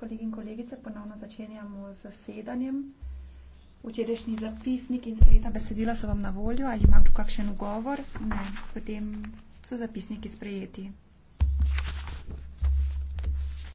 Kolegi in kolegice, ponovno začenjamo z zasedanjem. Včerajšnji zapisnik in sprejeta besedila so vam na voljo. Ali imam tu kakšen ugovor? Ne. Potem so zapisniki sprejeti.